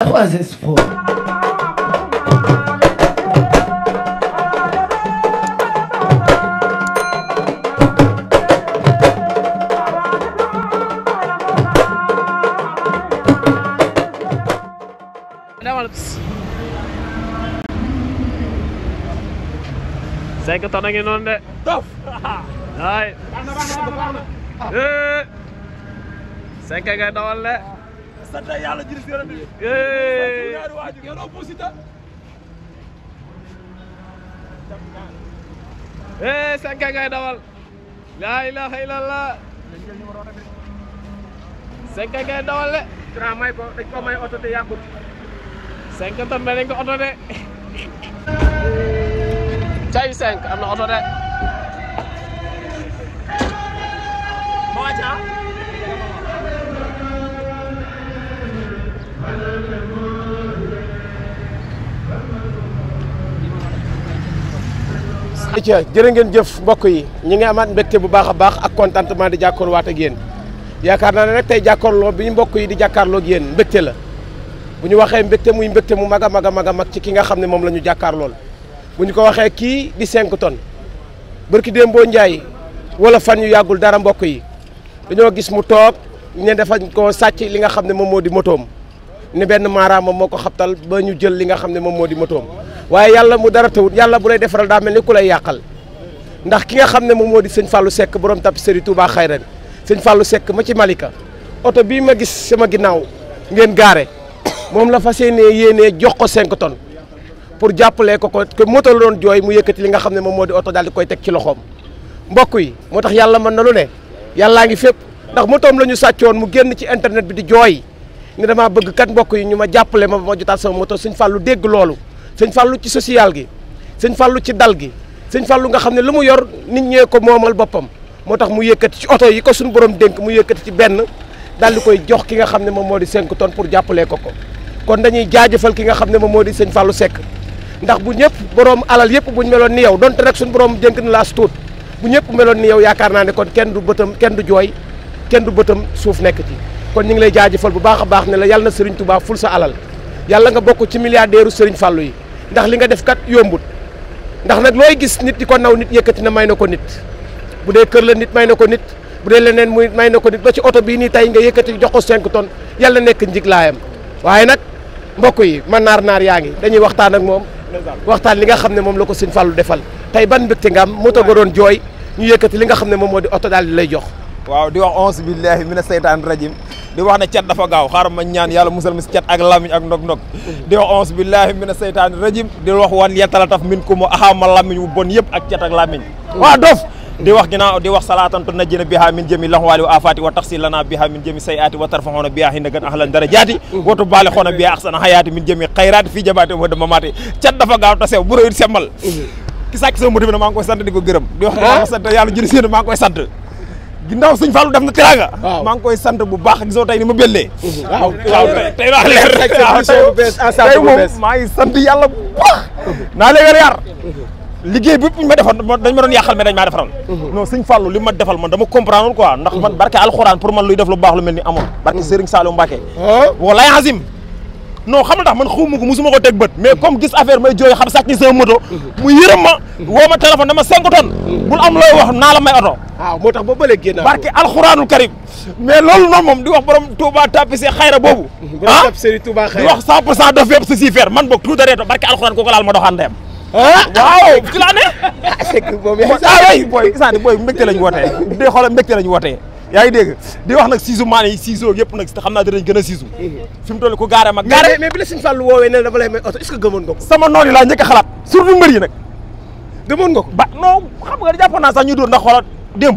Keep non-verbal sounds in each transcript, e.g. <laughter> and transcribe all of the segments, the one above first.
That was his fault. Sekk ton a ngi noonu de tof ay sekk ngay dawal de sant yàlla jërëjëf si yërëm bi. ñaari waajur ngeen ëpp Siteu. sànq ngay dawal. laa ilaha illallah. sànq ngay dawal de. Tra may ko dañ ko may oto te yàggul. sànq tamit dañ ko oto de. cayu sànq am na oto de. moo ca. ca jërë ngeen jëf mbokk yi ñi ngi amaat mbégte bu baax a baax ak contentement di jàkkoor waat ak yéen yaakaar naa ne nag tey jàkkoorloo bi mbokk yi di jàkkaarloog yéen mbégte la bu ñu waxee mbégte muy mbégte mu mag a mag a mag a mag ci ki nga xam ne moom la ñu jàkkaarlool bu ñu ko waxee kii di 5 tonnes ki Dembo Ndiaye wala fan yu yàggul dara mbokk yi dañoo gis mu toog ne dafa ko sàcc li nga xam ne moom moo di motoom ne benn maaraam moom moo ko xabtal ba ñu jël li nga xam ne moom moo di motoom waaye yàlla mu dara tawut yàlla bu lay defaral daa mel ni ku lay yàqal ndax ki nga xam ne moom moo di sëñ Fallou sekk borom tapisserie Touba Xayran sëñ Fallou sekk ma ci Malika oto bii ma gis sama ginnaaw ngeen gaare moom la fas yéenee yéenee jox ko 5 tonnes pour jàppale ko ko que moto la jooy mu yëkkati li nga xam ne moom moo di oto daal koy teg ci loxoom mbokk yi moo tax yàlla mën na lu ne yàllaa ngi fépp ndax motoom la ñu sàccoon mu génn ci internet bi di jooy ne damaa bëgg kat mbokk yi ñu ma jàppale ma ba ma jotaat moto sëñ Fallou dégg loolu sëñ Fallou ci social gi sëñ Fallou ci dal gi sëñ Fallou nga xam ne lu mu yor nit ñee ko moomal boppam moo tax mu yëkkati ci oto yi ko suñu borom dénk mu yëkkati ci benn daal koy jox ki nga xam ne moom moo di 5 tonnes pour jàppalee ko ko kon dañuy jaajafal ki nga xam ne moom moo di sëñ Fallou sekk ndax bu ñëpp borom alal yëpp buñ meloon ni yow donte nag suñ borom dénk na laa tuut bu ñëpp meloon ni yow yaakaar naa ne kon kenn du bëtam kenn du jooy kenn du bëtam suuf nekk ci kon ñu ngi lay jaajëfal bu baax a baax ne la yàlla na Serigne Touba ful sa alal yàlla nga bokk ci milliardaire u Serigne yi ndax li nga def kat yombut ndax nag looy gis nit di ko naw nit yëkkati na may na ko nit bu dee kër la nit may na ko nit bu dee leneen muy may na ko nit ba ci oto bii nii tey nga yëkkati jox ko 5 tonnes yàlla nekk njiglaayam waaye nag mbokk yi man naar naar yaa ngi dañuy waxtaan ak moom waxtaan li nga xam ne moom la ko Sëñ Fallu defal tey ban mbégte nga am moto nga doon jooy ñu yëkkati li nga xam ne moom moo di oto daal di lay jox waaw di wax onze billahi mina seytaan rajim di wax ne cat dafa gaaw xaaral ma ñaan yàlla musal ma si cat ak lamiñ ak ndog-ndog di wax onze billahi mina seytaani rajim di wax wan yetalataf min ku mu axaama lamiñ wu bon yëpp ak cat ak lamiñ waa dof di wax ginnaaw di wax na jina biha min jëmi laxwaali wa afaati wa tafsil lana biha min jëmi sayaati wa tarfaxoona biha hinda gën ahlan darajaati watu baale xoona biha axsana xayaati min jëmi xayraati fii jabaati wa dama cat dafa gaaw ta na maa ngi ko gërëm di wax maa ngi ginnaaw sëñ Fallou def na teraanga. waaw maa ngi koy sant bu baax gisoo tey ni ma bellee. waaw waaw tey daa leer rek. tey moom maa ngi sant yàlla bu baax. naa leen yar. liggéey bépp ñu ma defal dañ ma doon yàqal mais dañ maa defaral mhm. non sëñ Fallou li ma defal man dama comprendre quoi ndax man barke alxuraan pour man luy def lu baax lu mel ni amoon barke mhm. Serigne Saliou Mbacké ah. walaay Azim non xam tax man xawma ko musuma ko teg bët mais comme gis affaire may jooy xam sàcc sama moto mu yërëm ma woo ma téléphone dama cinq bul am looy wax naa la may oto waaw moo tax ba bële génn barke alxuraanul karim mais loolu noonu moom di wax borom Touba tapisi xayra boobu ah di wax cent pour cent daf yëpp si man boog tuuti reeto barke alxuraan kooku laal ma doxaan ndeyam ah! waaw ci ne <laughs> ah c'est que boobu yaa <laughs> ah ngi <laughs> booy isaani booy mbégte lañ wootee yaa ngi dégg di wax na siisu maan yi siisu yëpp nag te xam naa dinañ gën a siisu fi mu toll ku gaare mag gaare mais bi la Sëñ Fallu woowee ne dafa lay may oto est-ce que sama noon yi laa a xalaat surtout mbër yi nag gëmoon nga ko ba non xam nga jàppoon naa sax ñu dóor ndax xoolal démb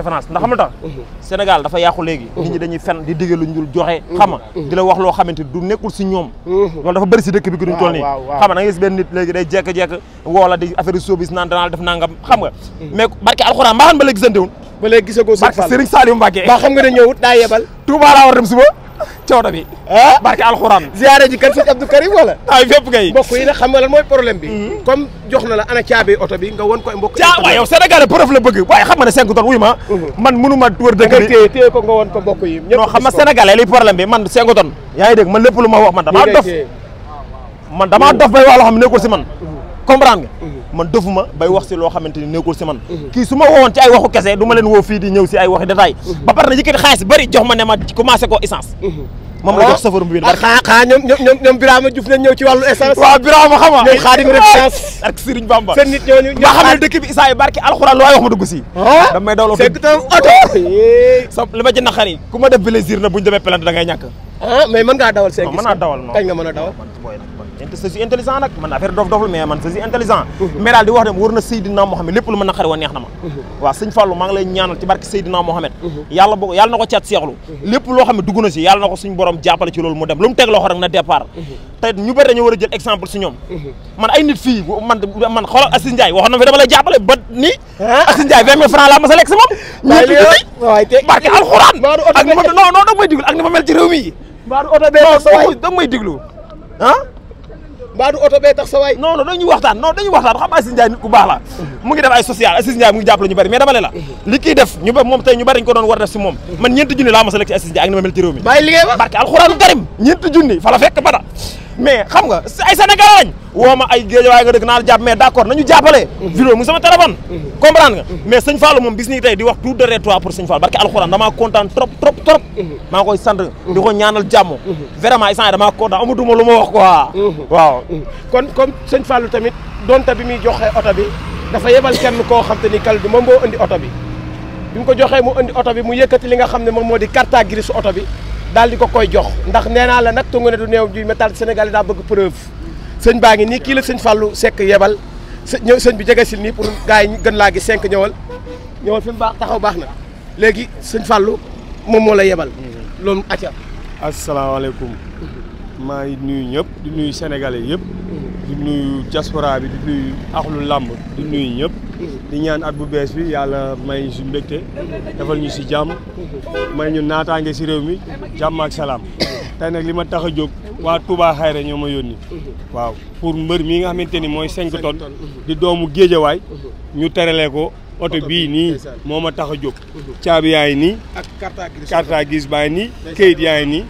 préférence ndax xam nga tax mhm. Sénégal dafa yàqu léegi mhm. nit ñi dañuy fen di digge lu ñu dul joxe xama mhm. loo xamante du nekkul ñoom loolu dafa bëri si dëkk bi ki duñ toll nii benn nit léegi day jekk-jekk woola di affaire showbiz naan danaa def nangam xam nga barke alxuraan mbaa xam ba léegi gisantewul ba léegi gisagoo Serigne Saliou Mbacké ba nga ne ñëwut daa yebal Touba laa war suba coono bi. Ah. barke alxuraan. ziare ji kan sëñ Karim wala. ay fépp kay. mbokk yi nag xam nga lan mooy problème bi. Hmm. comme jox na la bi nga won ko mbokk yi. caa waaw yow Sénégal preuve la bëgg waaye xam nga ne 5 tonnes wuyu ma. Hmm. man ma li problème bi man 5 tonnes. yaa ngi man lépp lu ma wax man damaa dof man damaa dof bay wax loo xam ne nekkul si man hmm. comprendre man defuma bay wax si loo xamante ni nekkul si man mhm. kii su ma woowoon ci ay waxu kese du ma woo fii di ñëw si ay waxi détail mhm. ba pare na yëkkati xaalis bëri jox ma ne ma commencé ko essence mhm. moom la ah. jox safar bi ah, xanaa xanaa ñoom ñoom ñoom Birama xam nga ñoom xaadim rek essence ak Serigne Bamba seen nit ñooñu nga xam ne dëkk bi Issa yi barki alxuraan lu waay wax ma dugg si ah? damay dawloo sa li ma ci naqari ku ma def plaisir na buñu demee plante da ngay ñàkk ah mais a ngaa dawal cinq kañ nga mën a dawal je suis intelligent nag man affaire dof dof la mais man je intelligent mais daal di wax dem war na Seydina Mohamed lépp lu ma naqari woon neex na ma waaw sëñ Fallou maa ñaanal ci barke Seydina Mohamed yàlla boo na ko caat seexlu lépp loo xam ne dugg na si yàlla na ko suñ borom jàppale ci loolu mu dem lu teg loxo na départ te ñu bëri dañoo war jël exemple si ñoom man ay nit fii man man a lekk si moom ñëpp barke alxuraan ak non non danga may ni baadu oto bee tax sa waay non non dañuy waxtaan non dañuy waxtaan xam Aziz Ndiaye nit ku baax la mu ngi def ay social Aziz Ndiaye mu ngi jàppale ñu bari mais dama ne la li kii def ñu ba moom tey ñu bari ñu ko doon war def si moom man ñeenti junni laa ma sa lekk si Aziz Ndiaye ak ni ma mel ci réew mi bàyyi liggéey ba barke alxuraanu karim ñeenti junni fa la fekk bada mais xam nga ay Sénégalais lañ woo ma ay géejawaay nga dëkk naa la jàpp mais d' accord nañu jàppale mhm. vidéo mu sama téléphone mhm. comprendre nga mhm. mais sëñ Fallou moom bis ni tey di wax tout derrière toi pour sëñ Fallou barke alxuraan damaa kontaan trop trop trop maa ngi koy sant di ko ñaanal jàmm vraiment instant yi damaa kontaan amatuma lu ma wax quoi waaw kon comme sëñ Fallou tamit donte bi muy joxe oto bi dafa yebal kenn koo xam te ni kal bi moom moo indi oto bi bi mu ko joxee mu indi oto bi mu yëkkati li nga xam ne moom moo di carte grise oto bi daal di ko koy jox ndax nee naa la nag tungu ne du néew ju métal Sénégal daa bëgg preuve sëñ baa ngi nii kii la sëñ fàllu sekk yebal ñëw sëñ bi jege si nii pour gars yi gën laa gis cinq ñëwal ñëwal fi mu baax taxaw baax na léegi sëñ fàllu moom moo la yebal loolu acca asalaamaaleykum maa ngi nuyu ñëpp di nuyu sénégalais yëpp di nuyu diaspora bi di nuyu axlu làmb di nuyu ñëpp di ñaan at bu bees bi yàlla may ñu si mbégte defal ñu si jàmm may ñu naataange si réew mi jàmm ak salaam tey nag li ma tax a jóg waa Touba Xayra ñoo ma yónni waaw pour mbër mi nga xamante ni mooy cinq tonnes di doomu géejawaay ñu teralee ko oto bii nii moo ma tax a jóg caabi yaa ngi nii carte grise baa ngi nii kayit yaa nii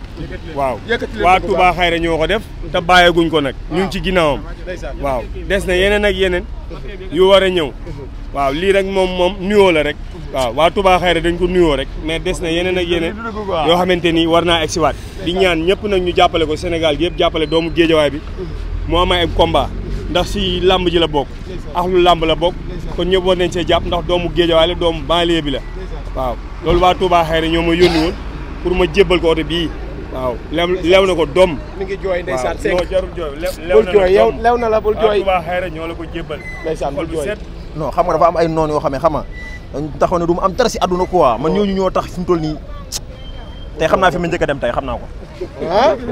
waaw waa Touba Xayra ñoo ko def te bàyyeeguñ ko nag ñu ci ginnaawam waaw des na yeneen ak yeneen yu war a ñëw waaw lii rek moom moom nuyoo la rek waaw waa tubaa Xayra dañ ko nuyoo rek mais des na yeneen ak yeneen yoo xamante ni war naa egsiwaat di ñaan ñëpp nag ñu jàppale ko Sénégal gi jàppale doomu géejawaay bi mu am ay komba ndax si làmb ji la bokk axlu làmb la bokk kon ñëpp war nañ see jàpp ndax doomu Géejawaay la doomu banlieue bi la waaw loolu waa Touba Xayri ñoo ma yónni woon pour ma jébbal ko oto bii waaw lew na ko doom mi ngi jooy ndeysaan non jarul jooy bul jooy yow lew na la bul jooy Touba ñoo la ko jébbal ndeysaan bul jooy non xam nga dafa am ay noon yoo xam ne xam nga taxaw du mu am dara si àdduna quoi man oh. ñooñu ñoo tax fi mu nii te xam naa fi ma njëkk a dem tey xam naa ko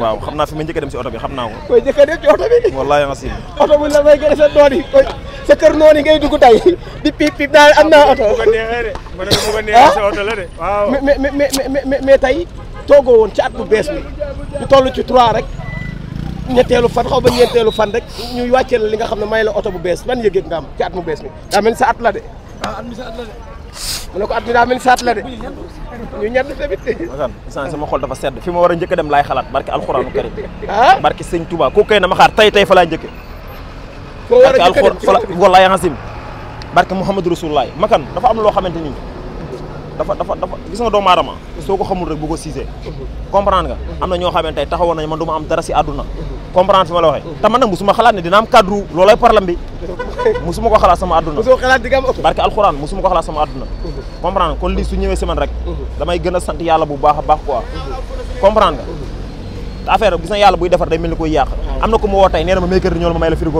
waaw xam naa fi ma njëkk a dem si oto bi xam naa ko. koy njëkk a dem ci oto bi. a sa doon yi koy sa kër noonu ngay dugg tey di piip piip daal am naa oto. bu na bu ko neexee mais tey toogoo woon ci at bu bees bi ñu toll ci 3 rek ñetteelu fan xaw ba ñetteelu fan rek ñu wàccee la li nga xam ne may la oto bu bees ban yëg-yëg nga am ci at mu bees bi. daa mel sa at la de. Ah, mu ne ko adduna min saat la de ñu ñett tamit masan san xol dafa sedd fi ma war a njëkk a dem laay xalaat barke alxuraanu karim ah? barke sëñ Touba kooku kay na ma xaar tay tay fa laa njëkke barke alxuraan wallaahi xasim barke Muhammadu Rasulullah makan dafa am loo xamante nii dafa dafa dafa gis nga doomu aadama soo ko xamul rek bu ko siisee comprendre nga mhm. am na ñoo xamante taxawoon nañ man du ma am dara si àdduna mhm. comprendre fi ma la waxee mhm. te man nag musuma xalaat ne dina am cadre <laughs> ko xalaat sama àdduna barke alxuraan musuma ko xalaat sama àdduna comprendre nga kon lii su ñëwee si man rek damay gën a sant yàlla bu baax a baax quoi comprendre nga affaire gis na yàlla buy defar day mel ni koy yàq am na ku woo tey nee na ma mercredi ñool ma may la frigo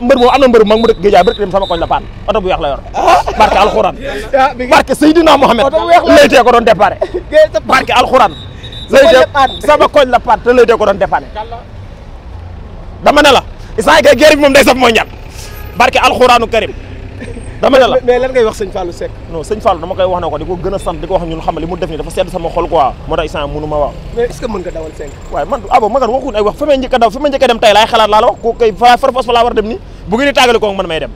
mbër boobu am na mbër mag mu dëkk géej a rek dem sama koñ la paan oto bu weex la yor ah. barke alxuraan <laughs> barke Seydina Mohamed laytee ko doon déparé <laughs> barke alxuraan laytee <laughs> sama koñ la paan te laytee ko doon déparé dama ne la Issa Gueye guerre bi moom day saf mooy ñaan barke alxuraanu karim dama ne la mais lan ngay wax sëñ Fallou Seck non sëñ Fallou dama koy wax ne ko di ko gën a sant di ko wax ñun xam li mu def ni dafa sedd sama xol quoi moo tax instant mënu wax man abo ah fa may njëkk a daw fa may njëkk a dem tey laay la war a dem ni bu ngeen di tàggale man may dem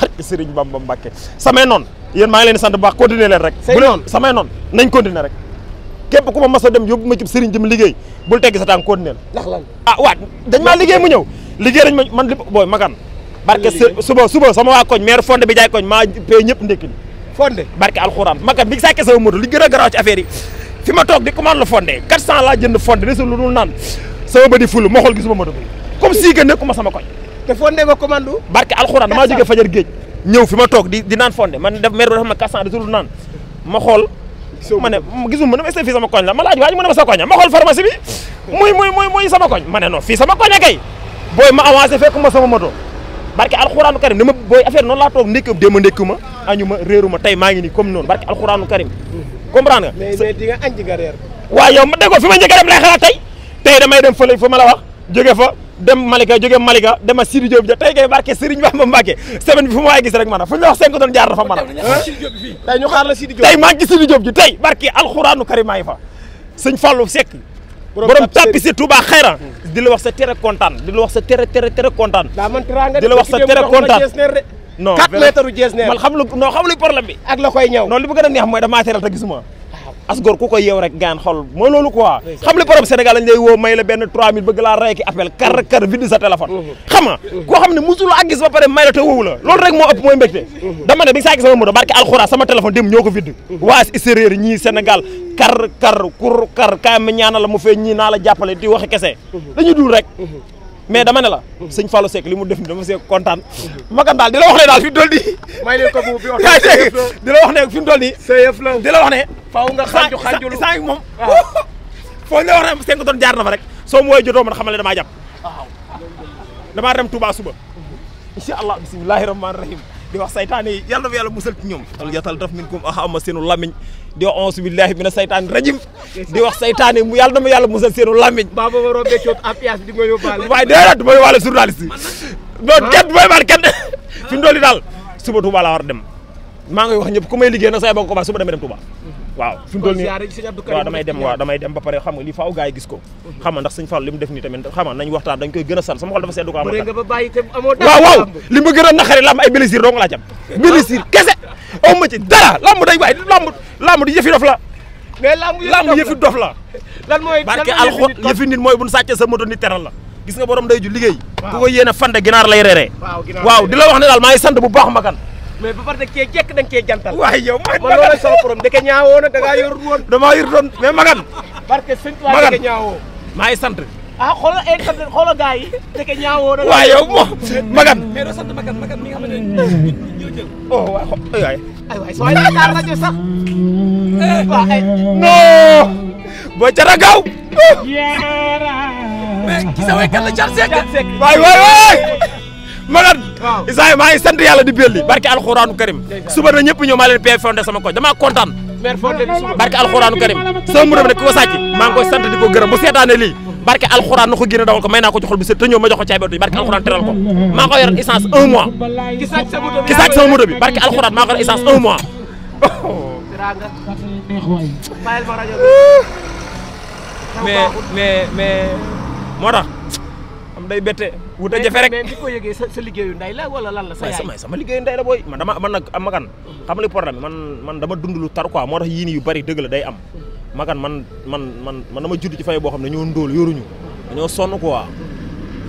barke Serigne Bamba Mbacke samay noonu yéen maa ngi leen di sant bu baax continuer rek bu leen nañ continuer rek képp ku ma mas a dem yóbbu ma ci Serigne jëm liggéey bul tegg sa tànk continuer ah waa man li booy makan barke suba suba sama waa koñ maire fonde bi jaay koñ maa pay ñëpp ndékki fonde barke alxuraan ma bi sàkkee sama moto li gën a garaaw ci affaire yi fi ma toog di commande la fonde 400 laa jënd fonde resa lu naan sama bëdi fulu ma xool gisuma moto bi comme si que sama koñ te fonde nga commande barke alxuraan maa jógee fajar géej ñëw fi ma toog di naan fonde man def maire bi dafa ma 400 resa naan ma xool ma ne gisuma ne ma sama koñ la ma laaj barke alxuraanu karim dama booy affaire noonu laa toog ndékk démb ndékku ma añu tey maa ngi nii comme noonu barke alxuraanu karim comprendre nga. mais fi ma njëkk a dem lay xalaat tey tey damay dem fële fa la wax jóge fa dem Malika jóge Malika dem a Sidi Diop ja tey kay barke Serigne Bamba Mbacke semaine bi fu ma waay gis rek maanaam fu ñu wax doon jaar dafa maanaam. tey tey maa ngi Sidi Diop ji tey barke alxuraanu karim maa fa sëñ Fallou Seck borom tapis di la wax sa tere kontaan di la wax sa tere tere tere kontaan. daa man teraanga di la wax sa tere kontaan non 4 mètres jees neer man xam lu non xam lu problème bi. ak la koy ñëw non li bu gën a neex mooy damaa teral as gor ku ko yeew rek gaan xol moo loolu quoi xam li problème Sénégal lañ lay woo may la benn 3000 bëgg laa rey ki appel kar kar vide sa téléphone mhm. xam nga mhm. xam ne musul a gis ba pare may la te woowu la loolu rek moo ëpp mooy mbégte mhm. dama ne bi nga saa gis sama barke alxuraan sama téléphone dem ñoo ko vide waa extérieur ñii Sénégal kar kar kur kar kaay ma ñaana la mu fee ñii naa la jàppale di waxi kese dañuy dul rek mais dama la sëñ Fallou li mu def ni kontaan makan daal di la wax ne daal fi mu toll <laughs> di la wax ne fi faaw nga xaaju xaajulu saa ngi moom <laughs> foo ne wax ne cinq tonnes jaar na fa rek soo mu wooyee jotoo man xamal ne damaa jàpp damaa dem Touba suba incha allah bisimilahi rahmaani rahim di wax saytaane yi yàlla na yàlla musal ci ñoom al yatal taf min kum axama seenu lamiñ di wax onze billahi mina saytaane rajim di wax saytaane mu yàlla na ma yàlla musal seenu lamiñ baba waroo beccoot apias di ma yóbbaale waaye déedéet du ma yóbbaale journaliste yi non kenn du ma yóbbaale kenn fi mu dool yi daal suba Touba laa war dem maa ngi wax ñëpp ku may liggéey nag say ba nga ko ba suba damay dem Touba waaw fi mu toll nii waaw damay dem waaw damay dem ba pare xam nga lii faaw gars yi gis ko xam a san sama dafa sedd ko am waaw waaw li ma gën a naqari lamb ay blessure dong laa jam <laughs> kese aw ma ci dara lamb day waay lamb lamb di dof la mais la lan mooy barke alxo yëfi nit mooy buñ sàccee sa ni teral la gis nga borom day ju liggéey ku ko yéene fande ginaar lay reeree waaw di la wax ne daal maa sant bu baax makan mais ba pare da cee jekk da nga cee jantal. waaye yow man man looloo sama problème da nga ñaawoo nag da ngaa doon mais Magan. parce que sëñ maa ngi sant. ah xoolal ay eh, sant xoolal gars yi. da nga ñaawoo nag. waaye yow moom Magan. mais Magan Magan mi nga xamante ne ñu ñu jël. oh waay xo aywaay. aywaay soo yore magan isaay maa ngi sant yàlla di belli barke alxuraanu karim suba na ñëpp ñëw maa leen pay sama koñ damaa kontaan barke alxuraanu karim sama muram ne ki ko sàcc maa ngi koy sant ko gërëm bu seetaane lii barke alxuraan na ko dawal ko may naa ko ci xol bi te ñëw ma jox ko caay bi barke alxuraan teral ko maa ko yoral essence un un mois wut a jafe rek mais bi ko yëgee sa liggéeyu ndey la wala lan la sa yaay sama liggéeyu ndey la booy man dama man nag am makan xam li problème man man dama dund lu tar quoi moo tax yii nii yu bari dëgg la day am makan man man man man dama judd ci famille boo xam ne ñoo ndóol yoruñu dañoo sonn ko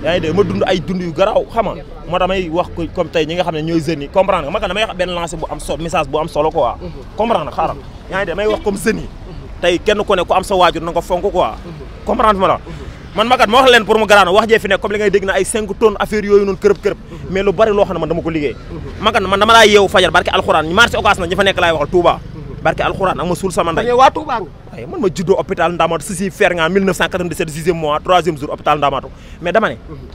yaa ngi dégg ma dund ay dund yu garaaw xam nga moo damay wax ko comme ñi nga xam ne ñooy jeunes yi comprendre nga makan damay wax benn lancé bu am solo message bu am solo quoi comprendre nga xaaral yaa ngi dégg wax comme jeunes yi tey kenn ku ne ku am sa waajur na nga fonk quoi comprendre ma la man makat ma wax leen pour mu garaano wax jee fi nekk comme li ngay dégg ay 5 tonnes affaire yooyu noonu kërëb kërëb mais lu bari loo ne man dama yeewu fajar barke alxuraan marché occas na ñi fa nekk laay waxal ma suul sama ndey waa Touba nga waaye man ma juddoo hôpital Ndamatou Cissé Fergan 1997 sixième la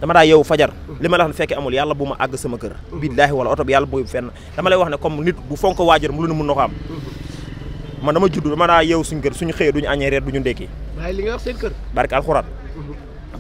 wax ne fekkee amul yàlla bu ma àgg sama kër billaahi wala oto bi yàlla bu fenn dama lay wax ne comme nit bu fonk waajur mu lu ne mën na man dama judd dama daa yeewu suñu kër suñu xëyee duñu añee reer duñu ndekki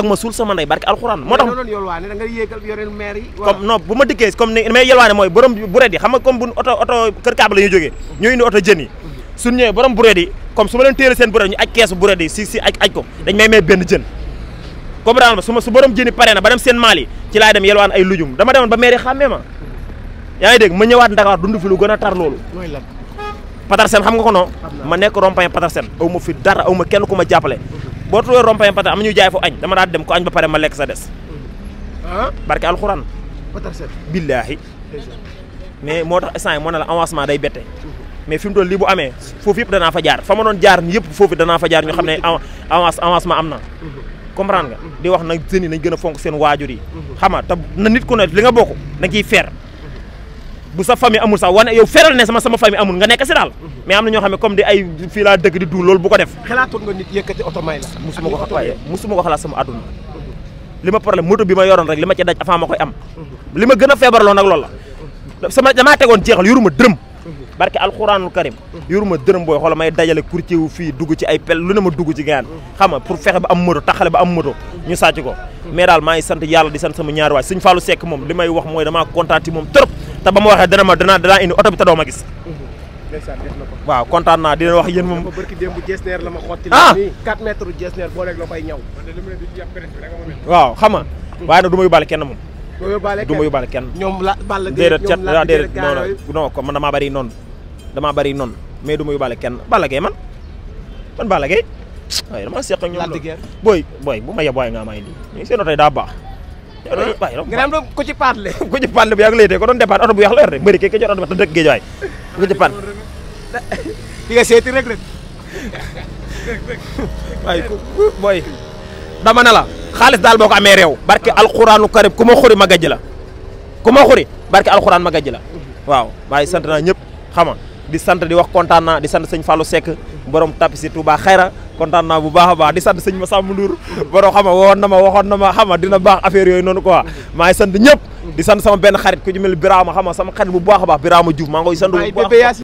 ak ma suul sama ndey barke alxuraan moo tax comme non bu ma dikkee yelwaane mooy borom bureet yi xam nga oto kër kaab la ñuy jógee ñoo indi oto jën yi mhm. suñ ñëwee borom bureet yi comme leen téere seen bureet ñu aj keesu bureet si aj ko dañ may may benn jën comme daal jëni pare na ba dem seen maal yi ci laay dem yelwaan ay lujum dama demoon ba mairie xàmmee ma mhm. yaa ngi dégg ma ñëwaat Ndakaar dund fi lu gën a tar loolu Patarsen xam nga ko ma nekk rond-point Patarsen aw ma fi dara aw ma kenn ku boo tuwee rompañ patar am ñu jaay fo añ dama daan dem ko añ ba pare ma lekk sa des ah? barke alxuraan billaahi mais moo tax instant yi moo ne la avancement day bette mhm. mais fi mu toll lii bu amee foofu yëpp danaa fa jaar fa ma doon jaar yëpp foofu danaa fa jaar ñu xam ne mhm. avance avancement am na mhm. comprend nga di wax na jeunes yi nañ gën a fonk seen waajur yi xam te na nit ku ne li nga bokk na ciy feer bu sa famille amul sax wane yow feral ne sama sama famille amul nga nekk si daal mais am na ñoo xam ne comme di ay fii laa dëkk di duul loolu bu def oto musuma ko xalaat sama àdduna li ma problème moto bi ma yoroon rek li ma ci daj avant ma koy am li ma gën a feebarloo nag loolu la sama damaa tegoon jeexal yoruma dërëm barke alxuraanul karim yoruma dërëm booy xoola may dajale courtier fii dugg ci ay pel lu ne ma dugg ci gaan xam nga fexe ba am moto taxale ba am ñu sàcc ko mais daal maa ngi sant yàlla di sant sama ñaari waay may wax mooy damaa kontaan ci moom te ba mu waxee dana ma dana danaa indi oto bi te doo gis. waaw kontaan naa di leen wax yéen moom. ba barki démb Jesner la ma xotti. ah 4 waaw xam nga. waaye nag du ma yóbbaale kenn moom. du ma yóbbaale kenn ñoom la Balla Gaye déedéet cat déedéet non non man damaa bari noonu. damaa bari noonu mais du ma yóbbaale kenn Balla Gaye man man Balla waaye dama seq ak ñoom. booy booy bu ma yeb waaye nga ma indi seen oto daa baax. nga naan doon ku ci paat le <laughs> ku ci paat le bu yàgg léegi ko doon départ oto bu yàgg la yor de mbëri kii ki jot oto ba te dëkk géej waay ku ci dama ne la xaalis daal boo ko amee réew barke alxuraanu karim ku ma xuri ma gajj la ku ma xuri barke alxuraan ma gajj la waaw waaye sant naa ñëpp xama di sant di wax kontaan naa di sant sëñ Fallou Seck borom tapisi Touba xayra kontaan bu baax a baax di sant sëñ Massa Ndour borom xam nga na ma waxoon na ma xam nga dina baax affaire yooyu noonu quoi maa ngi sant ñëpp di sant sama benn xarit ku ci mel Birama sama xarit bu baax a baax Birama Diouf maa ngi sant bu baax